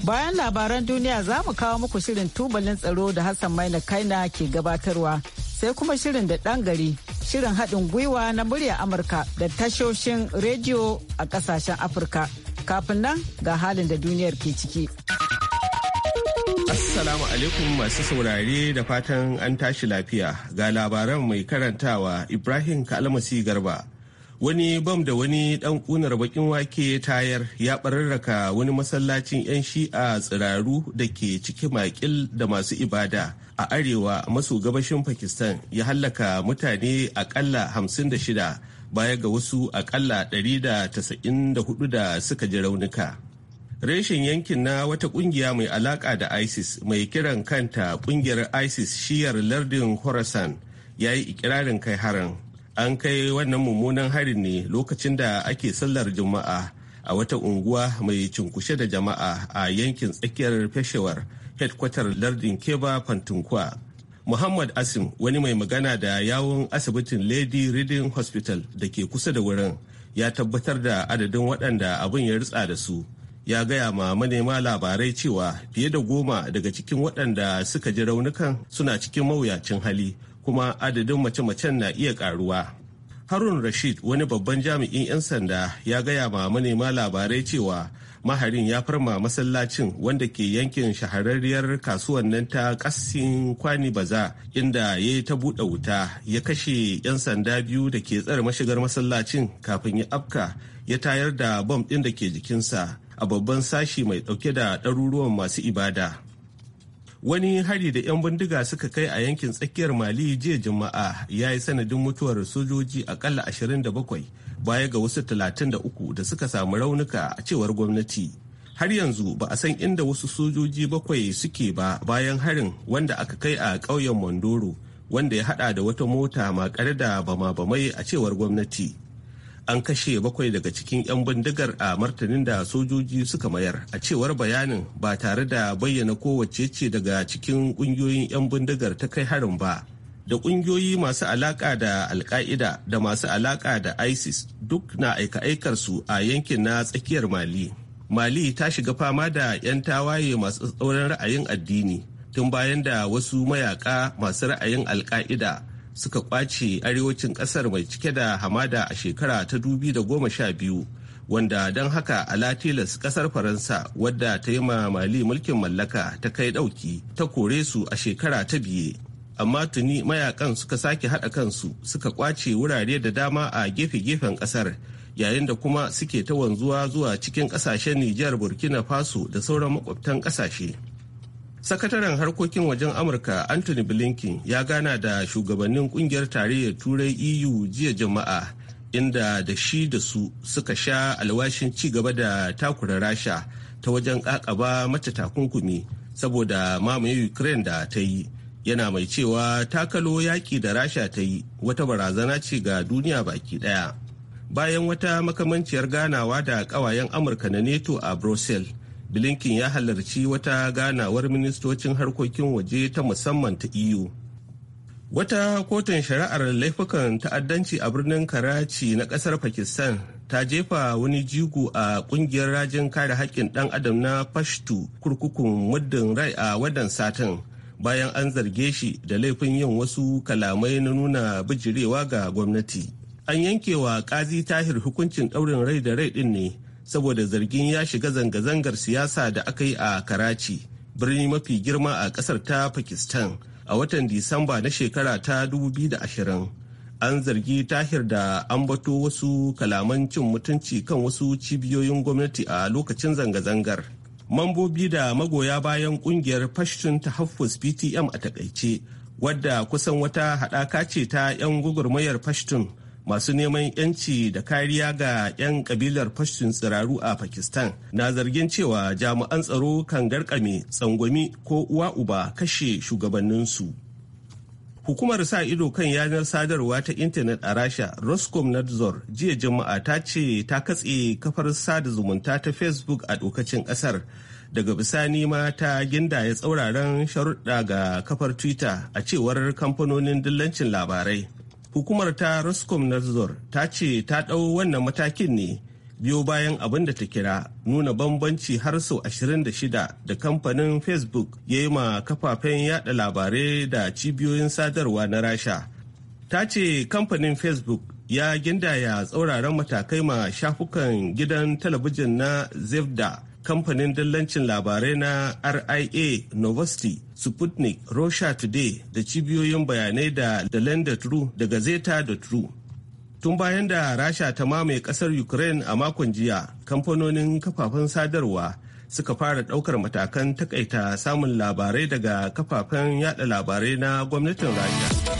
Bayan labaran duniya za mu kawo muku shirin tubalin tsaro da Hassan Maina Kaina ke gabatarwa sai kuma shirin da ɗan gari shirin haɗin gwiwa na murya Amurka da tashoshin rediyo a ƙasashen Afirka. Kafin nan ga halin da duniyar ke ciki. Assalamu alaikum masu saurare da fatan an tashi lafiya ga labaran mai karantawa Ibrahim Kalmasi Garba. wani bam da wani dan kunar bakin wake tayar ya bararraka wani masallacin 'yan shi'a tsiraru da ke ciki makil da masu ibada a arewa maso gabashin pakistan ya hallaka mutane akalla 56 baya ga wasu akalla 194 da suka ji raunuka reshen yankin na wata kungiya mai alaka da isis mai kiran kanta kungiyar isis shiyar lardin horasan ya yi ikirarin kai harin an kai wannan mummunan harin ne lokacin da ake sallar juma'a a wata unguwa mai cinkushe da jama'a a yankin tsakiyar feshewar Headquarter lardin keba fantunkwa muhammad asim wani mai magana da yawon asibitin lady reading hospital da ke kusa da wurin ya tabbatar da adadin waɗanda abin ya ritsa da su ya gaya ma manema labarai cewa fiye da goma daga cikin waɗanda suka ji raunukan suna cikin mawuyacin hali kuma adadin mace-macen na iya karuwa. Harun Rashid wani babban jami'in 'yan sanda ya gaya ma manema labarai cewa maharin ya farma masallacin wanda ke yankin shahararriyar kasuwan nan ta kasin kwani baza inda ya yi ta buɗe wuta ya kashe 'yan sanda biyu da ke tsare mashigar masallacin kafin ya afka ya tayar da bom ɗin da ke jikinsa a babban sashi mai ɗauke da ɗaruruwan masu ibada. wani hari da 'yan bindiga suka kai a yankin tsakiyar mali jiya juma'a ya yi sanadin mutuwar sojoji akalla 27 baya ga wasu 33 da suka samu raunuka a cewar gwamnati har yanzu ba a san inda wasu sojoji bakwai suke ba bayan harin wanda aka kai a ƙauyen mondoro wanda ya hada da wata mota makare da bama-bamai a cewar gwamnati an kashe bakwai daga cikin 'yan bindigar a martanin da sojoji suka mayar a cewar bayanin ba tare da bayyana kowace ce daga cikin kungiyoyin 'yan bindigar ta kai harin ba da kungiyoyi masu alaka da alka'ida da masu alaka da isis duk na aika-aikarsu a yankin na tsakiyar mali mali ta shiga fama da 'yan tawaye masu tsauran ra'ayin addini tun bayan da wasu mayaka masu ra'ayin alka'ida suka kwace arewacin kasar mai cike da hamada a shekara ta da goma sha biyu wanda don haka alatilas tilas kasar faransa wadda ta yi mali mulkin mallaka ta kai dauki ta kore su a shekara ta biye amma tuni mayakan suka sake haɗa kansu suka kwace wurare da dama a gefe-gefen kasar, yayin da kuma suke ta wanzuwa zuwa cikin ƙasashen nijar burkina faso da sauran makwabtan ƙasashe. sakataren harkokin wajen amurka anthony blinken ya gana da shugabannin kungiyar tarayyar turai eu jiya jama'a inda da shi da su suka sha alwashin ci gaba da takura rasha ta wajen kakaba mata takunkumi saboda mamaye ukraine da ta yi yana mai cewa takalo yaƙi da rasha ta yi wata barazana ce ga duniya baki ɗaya bayan wata makamanciyar ganawa da ƙawayen amurka na neto a brussels blinken ya halarci wata ganawar ministocin harkokin waje ta musamman ta eu wata kotun shari'ar laifukan ta'addanci a birnin karachi na kasar pakistan ta jefa wani jigo a kungiyar rajin kare haƙƙin ɗan adam na pashtu kurkukun muddin rai a wadan satin bayan an zarge shi da laifin yin wasu kalamai na nuna bijirewa ga gwamnati an yankewa kazi tahir hukuncin ɗaurin rai da rai ɗin ne saboda zargin ya shiga zanga-zangar siyasa da aka yi a Karachi, birni mafi girma a kasar ta Pakistan a watan Disamba na shekara ta 2020. An zargi tahir da an bato wasu kalaman cin mutunci kan wasu cibiyoyin gwamnati a lokacin zanga-zangar. Mambobi da magoya bayan kungiyar Pashtun Tahaffus PTM a takaice, wadda kusan wata haɗaka ce ta 'yan gwagwarmayar Pashtun masu neman yanci da kariya ga 'yan kabilar fashin tsiraru a pakistan na zargin cewa jami'an tsaro kan garkame tsangwami ko uwa uba kashe shugabanninsu hukumar sa ido kan yanar sadarwa ta intanet a rasha roskomnadzor jiya juma'a ta ce ta katse kafar sada zumunta ta facebook a dokacin kasar daga bisani ma ta gindaya tsauraran sharuɗa ga kafar twitter a cewar kamfanonin dillancin labarai hukumar ta roscom nazor ta ce ta ɗau wannan matakin ne biyo bayan abin da ta kira nuna bambanci har sau 26 da kamfanin facebook ya yi ma kafafen yada labarai da cibiyoyin sadarwa na rasha ta ce kamfanin facebook ya gindaya tsauraran matakai ma shafukan gidan talabijin na zevda kamfanin dillancin labarai na ria novosti sputnik russia today da cibiyoyin bayanai da da true da gazeta da true tun bayan da rasha ta mamaye kasar ukraine a makon jiya kamfanonin kafafen sadarwa suka fara daukar matakan takaita samun labarai daga kafafen yada labarai na gwamnatin rasha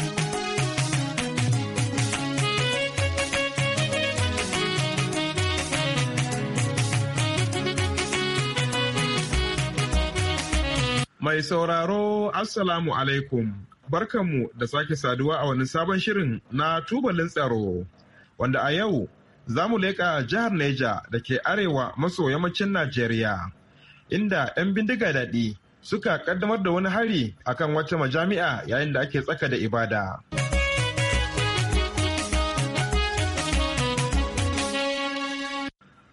Mai sauraro Assalamu alaikum barkanmu da sake saduwa a wani sabon shirin na tubalin tsaro wanda a yau za mu leƙa jihar Neja da ke arewa maso yammacin Najeriya inda 'yan bindiga daɗi suka kaddamar da wani hari akan wata majami'a yayin da ake tsaka da ibada.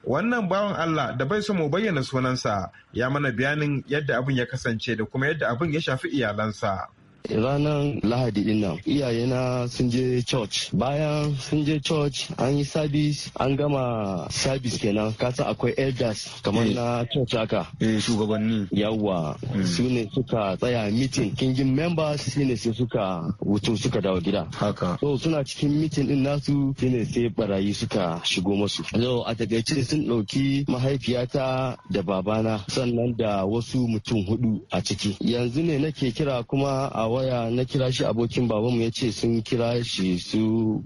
wannan bawan Allah da bai so mu bayyana sunansa ya mana bayanin yadda abin ya kasance da kuma yadda abin ya shafi iyalansa. ranar lahadi din nan iyayena sun je church bayan sun je church an yi service an gama service kenan kasa akwai elders kamar eh. na church haka eh shugabanni yawa hmm. su ne suka tsaya meeting kingin members su ne sai suka wuto suka dawo gida haka so suna cikin meeting din nasu su ne sai barayi suka shigo masu yo a takaice sun ɗauki mahaifiyata da babana sannan da wasu mutum hudu a ciki yanzu ne nake kira kuma a waya na kira shi abokin babanmu ya ce sun kira shi su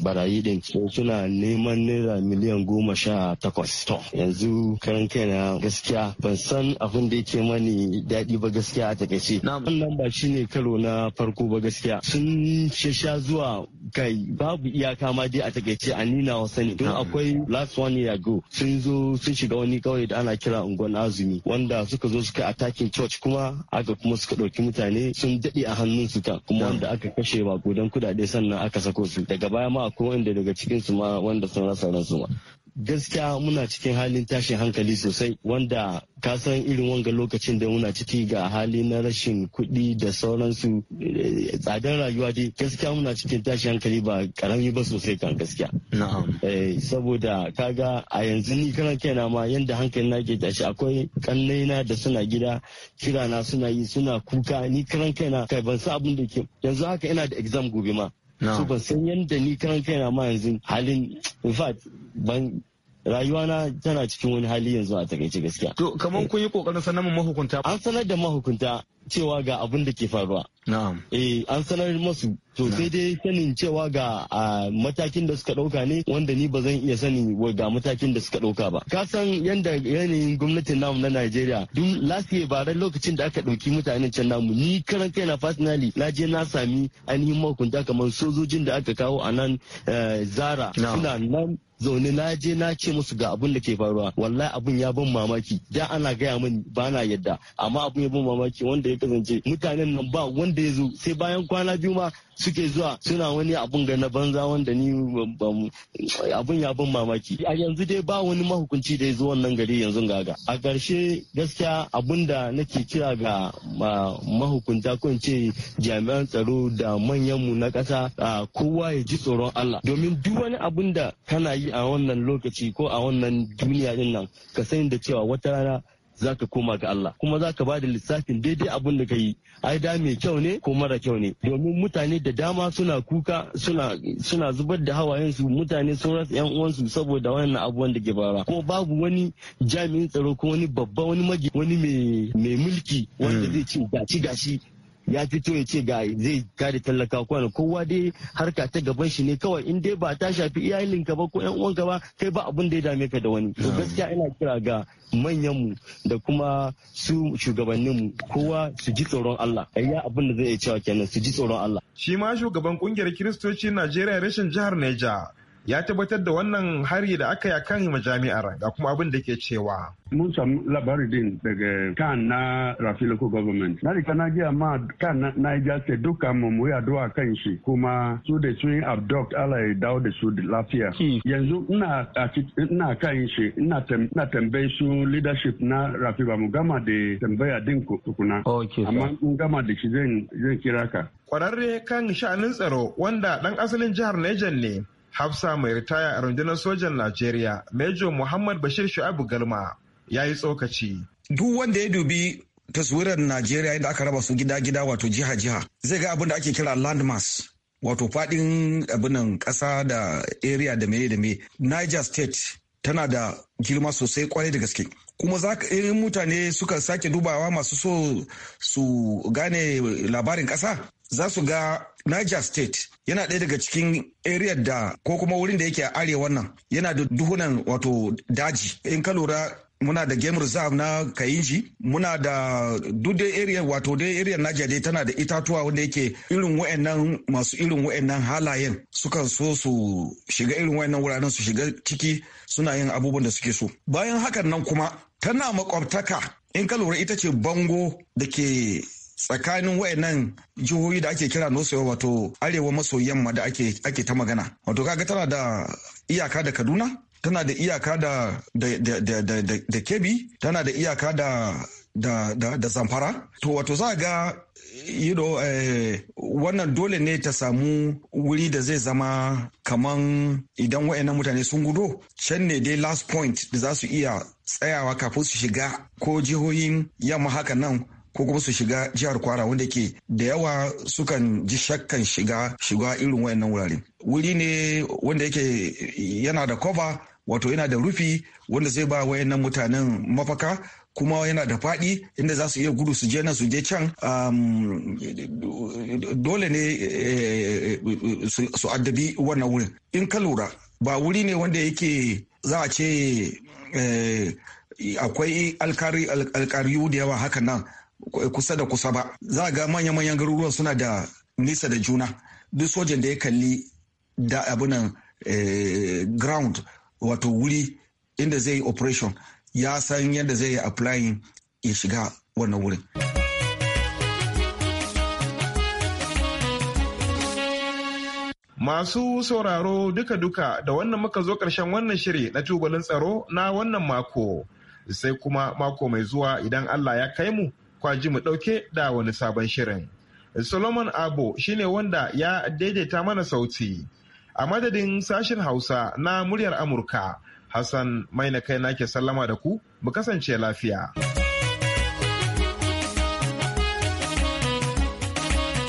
barayi din suna neman naira miliyan goma sha takwas to yanzu karan kaina gaskiya ban san abin da yake mani daɗi ba gaskiya a takaice wannan ba shine karo na farko ba gaskiya sun sha zuwa kai babu iyaka ma dai a takaice a nina wasa ne don akwai last one year ago sun zo sun shiga wani kauye da ana kira unguwar azumi wanda suka zo suka attacking church kuma aka kuma suka ɗauki mutane sun daɗe a hannun su ta kuma wanda aka kashe gudan kudade sannan aka sako su daga baya ma akwai wanda daga cikin su ma wanda sun rasa ransu ma gaskiya muna cikin halin tashin hankali sosai wanda ka san irin wanga lokacin da muna ciki ga hali na rashin kuɗi da sauransu eh, tsadar rayuwa dai gaskiya muna cikin tashin hankali ba karami ba sosai kan gaskiya eh, saboda kaga a yanzu ni karan kaina ma yanda hankali na ke tashi akwai kannaina da suna gida kirana suna yi suna kuka ni karan kaina kai ban san abin da ke yanzu haka ina da exam gobe ma su ba san yadda ni karan kaina ma yanzu halin in fact ban rayuwana tana cikin wani hali yanzu a takaice gaskiya. To kamar kun yi kokarin sanar mahukunta. An sanar da mahukunta cewa ga abin da ke faruwa. Na'am. Eh an sanar masu to sai dai sanin cewa ga matakin da suka dauka ne wanda ni ba zan iya sani ga matakin da suka dauka ba. Ka san yanda yanayin gwamnatin namu na Najeriya duk year ba ran lokacin da aka dauki mutanen can namu ni karan kai na personally na je na sami ainihin mahukunta kamar sojojin da aka kawo a nan eh, Zara suna zaune na je na ce musu ga abin da ke faruwa wallahi abun ya ban mamaki da ana gaya min ba na yadda amma abin ya ban mamaki wanda ya kasance mutanen nan ba wanda ya zo sai bayan kwana biyu ma suke zuwa suna wani abun ga na banza wanda ni abun ya ban mamaki a yanzu dai ba wani mahukunci da ya zo wannan gari yanzu gaga a ƙarshe gaskiya abun da nake kira ga mahukunta ko in ce jami'an tsaro da manyanmu na ƙasa kowa ya ji tsoron Allah domin duk wani abun da kana yi a wannan lokaci ko a wannan duniya din nan ka san da cewa wata rana za ka koma ga Allah kuma za ka ba da lissafin daidai abin da ka yi ai da mai kyau ne ko mara kyau ne domin mutane da dama suna kuka suna zubar da hawayensu mutane sun rasa yan uwansu saboda wannan abubuwan da ke bara ko babu wani jami'in tsaro ko wani babba wani magi wani mai mulki wanda mm. zai ci gashi gashi ya fito ya ce ga zai kare talaka kwana kowa dai harka ta gaban shi ne kawai in dai ba ta shafi iyalinka ba ko yan uwanka ba kai ba abin da ya dame ka da wani to gaskiya ina kira ga manyanmu da kuma su shugabannin mu kowa su ji tsoron Allah ya abin da zai iya cewa kenan su ji tsoron Allah shi ma shugaban kungiyar kristoci Najeriya rashin jihar Niger. ya tabbatar da wannan hari da aka yi kan majami'ar ga kuma abin da ke cewa. Mun samu labari din daga kan na Rafi Local Government. Na rika na giya ma kan na Niger State duka mu mu yi addu'a kan shi kuma su da sun abduct Allah ya dawo da su lafiya. Hmm. Yanzu ina ina kan shi ina tambayi su leadership na Rafi ba mu gama da tambaya din tukuna. Amma in gama da shi zan kira ka. Kwararre kan sha'anin tsaro wanda dan asalin jihar Niger ne hafsa mai ritaya a rundunar sojan najeriya major muhammad bashir shu'abu galma ya yi tsokaci duk wanda ya dubi taswirar najeriya inda aka raba su gida-gida wato jiha-jiha zai ga abin da ake kira landmass wato fadin abinan kasa da area da meye da meye niger state tana da girma sosai kwarai da gaske kuma za mutane suka sake dubawa masu so su gane labarin ƙasa za su ga niger state yana ɗaya daga cikin area da ko kuma wurin da yake a arewa nan yana da duhunan wato daji in ka lura muna da game reserve na kayinji muna da dai area wato dai area naja dai tana da itatuwa wanda yake irin wa'annan masu irin wa'annan halayen sukan so su shiga irin wa'annan wuraren su shiga ciki suna yin abubuwan da suke so bayan hakan nan kuma tana makwabtaka in ka lura ita ce bango da ke tsakanin wayannan jihohi da ake kira nosewa wato arewa maso yamma da ake ta magana wato kaga tana da iyaka da kaduna tana da iyaka da da kebi tana da iyaka da da, da, da zamfara to wato za ga you know, eh, wannan dole ne ta samu wuri da zai zama kaman idan wa'annan mutane sun gudo can ne dai last point da za su iya tsayawa kafin su shiga ko jihohin yamma haka nan ko kuma su shiga jihar kwara wanda ke da yawa sukan ji shakkan shiga shiga irin wayannan wurare wuri ne wanda yake yana da kofa wato yana da rufi wanda zai ba wayannan mutanen mafaka kuma yana da faɗi inda za su iya gudu su je nan su je can dole ne eh, su addabi wannan wurin in ka lura ba wuri ne wanda yake za a ce eh, akwai alkariyu da yawa haka nan kusa da kusa ba za a ga manya-manyan garuruwan suna da nisa da juna duk sojan da ya kalli da abunan eh, ground wato wuri inda zai yi operation ya san yadda zai yi applying ya shiga wannan wurin. Masu sauraro duka-duka da wannan muka zo ƙarshen wannan shiri na tubalin tsaro na wannan mako, sai kuma mako mai zuwa idan Allah ya kai mu kwaji mu ɗauke da wani sabon shirin. Solomon Abo shine wanda ya daidaita mana sauti. A madadin sashen Hausa na muryar Amurka, Hassan Maina kai nake sallama da ku, mu kasance lafiya.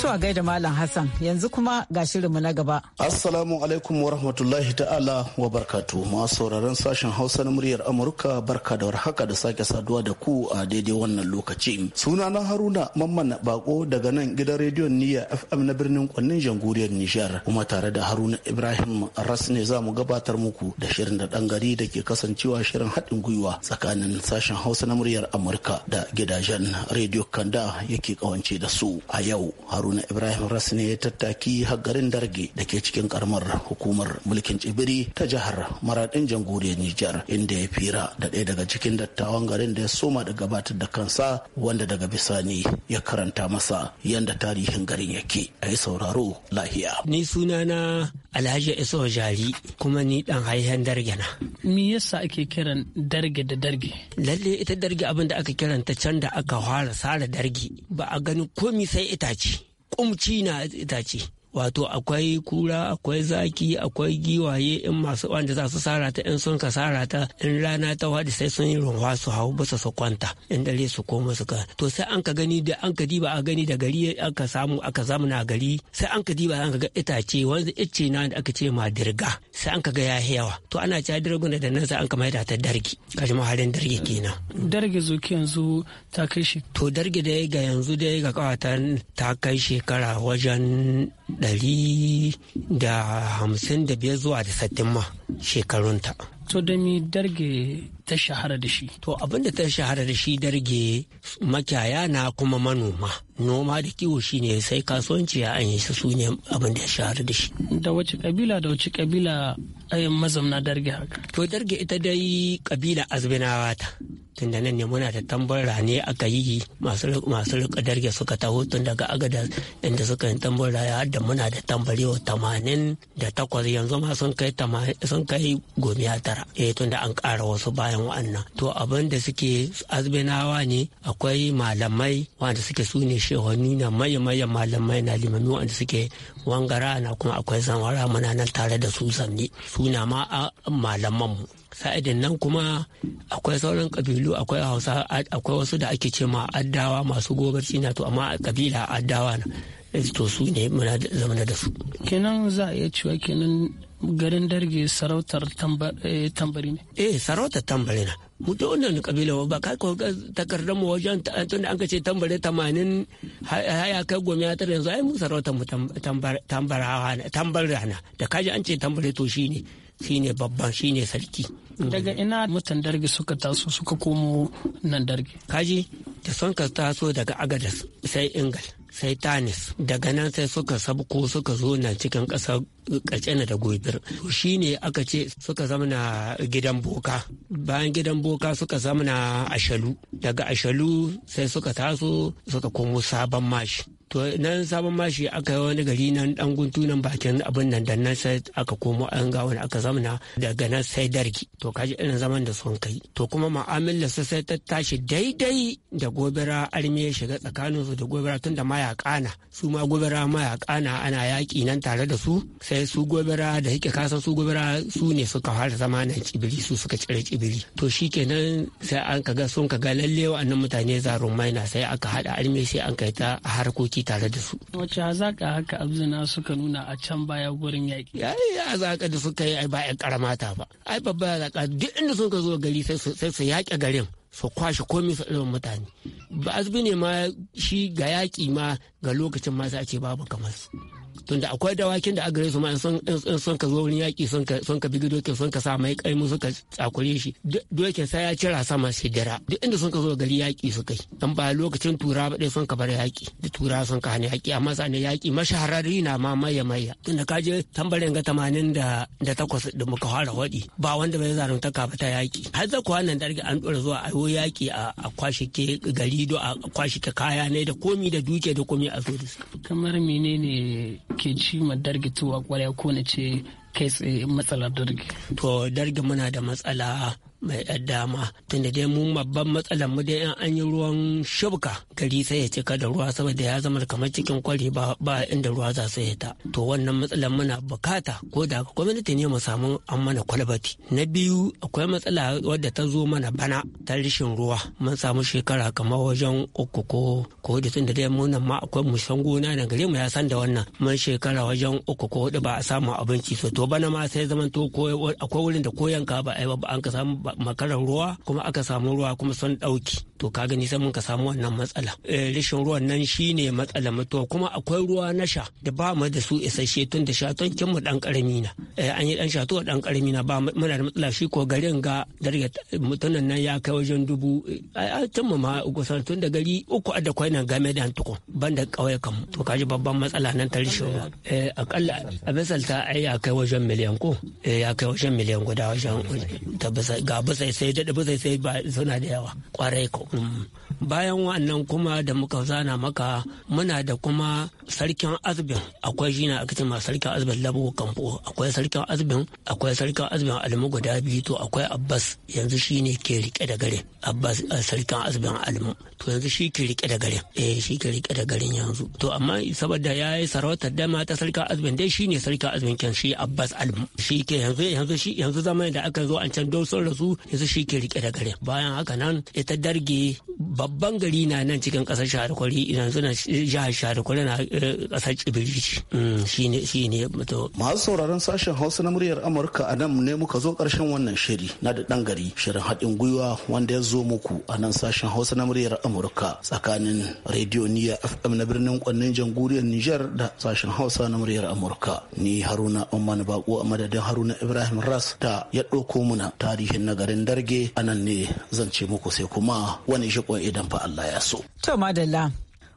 mutu a gaida Malam Hassan yanzu kuma ga shirinmu na gaba. Assalamu alaikum wa rahmatullahi ta'ala wa barkatu. Masu sauraron sashen Hausa na muryar Amurka barka da warhaka da sake saduwa da ku a daidai wannan lokaci. Sunana Haruna Mamman Bako daga nan gidan rediyon Niyya FM na birnin Kwannin janguriyar Nijar kuma tare da Haruna Ibrahim Rasne za mu gabatar muku da shirin da dan gari da ke kasancewa shirin haɗin gwiwa tsakanin sashen Hausa na muryar Amurka da gidajen rediyo Kanda yake kawance da su a yau Haruna haruna ibrahim ras ne ya tattaki har garin darge da ke cikin karamar hukumar mulkin tsibiri ta jihar maradin jamhuriyar nijar inda ya fira da ɗaya daga cikin dattawan garin da ya soma da gabatar da kansa wanda daga bisani ya karanta masa yadda tarihin garin yake a yi sauraro lahiya ni sunana alhaji iso jari kuma ni dan haihen darge na me yasa ake kiran darge da darge lalle ita darge abin da aka kiranta can da aka fara sare darge ba a gani komi sai itace ƙumci na itace wato akwai kura akwai zaki akwai giwaye in masu wanda za su sara ta in sun ka sara ta in rana ta wadi sai sun yi runwa su hau basa su kwanta in dare su koma su ka to sai an ka gani da an ka diba a gani da gari an ka samu aka zamu na gari sai an ka diba an ka ga itace wanda itace na da aka ce ma dirga sai an ka ga ya yawa to ana cewa dirgun da nan sai an ka maida ta dargi kashi halin dargi kenan dargi ki yanzu ta kai shi to dargi da ga yanzu da ga kawata ta kai shekara wajen ɗari da hamsin da biyar zuwa da sattin ma shekarunta to da mi darge ta shahara da shi to abin da ta shahara da shi darge makiyaya na kuma manoma noma da kiwo shine sai kasuwanci ya an yi shi su ne abin da ya shahara da shi da wace kabila da wace kabila ai mazamna darge haka to darge ita dai kabila azbinawa ta tunda nan ne muna da tambar rane aka yi masu rika darge suka taho tun daga agada inda suka yi tambar rane har da muna da tambarewa tamanin da yanzu ma sun kai sun kai gomiya tara eh tunda an kara wasu bayan wa'annan to abin da suke azbinawa ne akwai malamai wanda suke su ne shehoni na maye malamai na limami wanda suke wangara na kuma akwai zanwara muna nan tare da su sanni suna ma a malaman mu sa'idin nan kuma akwai sauran kabilu akwai hausa akwai wasu da ake ce ma addawa masu gobarci na to amma kabila addawa na to su ne muna zamana da su kenan za a iya cewa kenan garin darge sarautar eh, tambari ne eh sarautar tambari na mutu wannan kabila ba ka ko takardar mu wajen tun da an ka ce tambare 80 haya kai gomi ya tare yanzu ai mu sarautar mu tambarawa tambara na da kaji an ce tambari to shi ne babban shi ne sarki mm. daga ina mutan darge suka taso suka komo nan darge kaji da son ka taso daga agadas sai ingal sai tanis daga nan sai suka sabko suka zo na cikin ƙasar kacena da gobir shi ne aka ce suka zamana gidan boka bayan gidan boka suka zamna ashalu daga ashalu sai suka taso suka komo sabon mashi to nan sabon mashi aka yi wani gari nan dan guntu nan bakin abin nan dan nan sai aka komo an ga wani aka zamana daga nan sai dargi to kaji irin zaman da sun kai to kuma ma'amala su sai ta tashi daidai da gobera arme ya shiga tsakanin su da gobera tunda mayaka na su ma gobera mayaka na ana yaki nan tare da su sai su gobera da yake kasan su gobera su ne suka fara zama nan cibiri su suka cire cibiri to shikenan sai an kaga sun kaga lalle wa'annan mutane zarumai na sai aka hada arme sai an kai ta harkoki aiki tare da su. Wace hazaƙa haka abzina suka nuna a can baya gurin yaƙi? Ya yi da suka yi ai ba ƴan ta ba. Ai babba zaƙa duk inda suka zo gari sai su yaƙe garin. su kwashe komai su ɗaukar mutane ba azumi ne ma shi ga yaƙi ma ga lokacin ma masu ce babu kamar su tunda akwai dawakin da agare su ma in sun ka zo wurin yaƙi sun ka bigi dokin sun ka sa mai sun suka tsakure shi dokin sai ya cira sama sai dara duk inda sun ka zo gari yaƙi su kai dan ba lokacin tura ba dai sun ka bar yaƙi da tura sun ka hana yaƙi amma ne yaƙi mashahararri na ma maya maya tunda ka je tambarin ga tamanin da takwas da muka fara waɗi ba wanda bai zarunta ba ta yaƙi har za kuwa nan dargi an dora zuwa a yi yaƙi a kwashi ke gari do a kwashi ka kaya ne da komi da duke da komi a zo da su. kamar menene ke ci ma dargi tuwa kwarya ko na ce kai tsaye matsalar dargi. To dargi muna da matsala mai ɗan dama tunda dai mu babban matsalar mu dai an yi ruwan shubka gari sai ya cika da ruwa saboda ya zama kamar cikin kwari ba inda ruwa za su ta to wannan matsalar muna bukata ko da gwamnati ne mu samu an mana kwalbati na biyu akwai matsala wadda ta zo mana bana ta rishin ruwa mun samu shekara kamar wajen uku ko ko da tunda dai mu nan ma akwai san gona da gare mu ya san da wannan mun shekara wajen uku ko hudu ba a samu abinci so to bana ma sai zaman to akwai wurin da koyanka ba a ai ba an ka samu makarar ruwa kuma aka samu ruwa kuma sun ɗauki to ka gani sai mun ka samu wannan matsala eh, rashin ruwan nan shine matsala mato kuma akwai ruwa na sha da ba mu da su isasshe tun da shaton kin mu dan karami na eh, an yi dan shato dan karami na ba mu da matsala shi ko garin ga daga mutunan nan ya kai wajen dubu eh, a tun mu ma kusan tun da gari uku a da kwai nan game da antuko banda kan to ka ji babban matsala nan ta rashin ruwa akalla a misalta ai ya kai wajen miliyan ko ya kai wajen miliyan guda wajen ta ga busai sai da busai sai suna da yawa kwarai ko bayan wannan kuma da muka zana maka muna da kuma sarkin azbin akwai jina a ce ma sarkin azbin labo kampo akwai sarkin azbin akwai sarkin azbin alimu guda biyu to akwai abbas yanzu shi ne ke rike da gare abbas eh, sarkin azbin alimu to yanzu shi ke rike da gare eh shi ke rike da garin yanzu to amma saboda ya yi sarautar dama ta sarkin azbin dai shi ne sarkin azbin kan shi abbas alimu. shi ke yanzu yanzu shi yanzu zaman da aka zo an can doson rasu yanzu shi ke rike da gare bayan haka nan ita darge babban gari na nan cikin kasar shahar yanzu na jihar shahar na ƙasa eh, kibirici mm, shi ne masu sauraron sashen hausa na muryar amurka a nan ne muka zo ƙarshen wannan shiri na da ɗan gari shirin haɗin gwiwa wanda ya zo muku a nan sashen hausa na muryar amurka tsakanin rediyo niya fm na birnin kwannin janguriyar nijar da sashen hausa na muryar amurka ni haruna umman bako a madadin haruna ibrahim ras da ya ɗauko muna tarihin na garin darge a nan ne zan ce muku sai kuma wani shi idan fa allah ya so. to madalla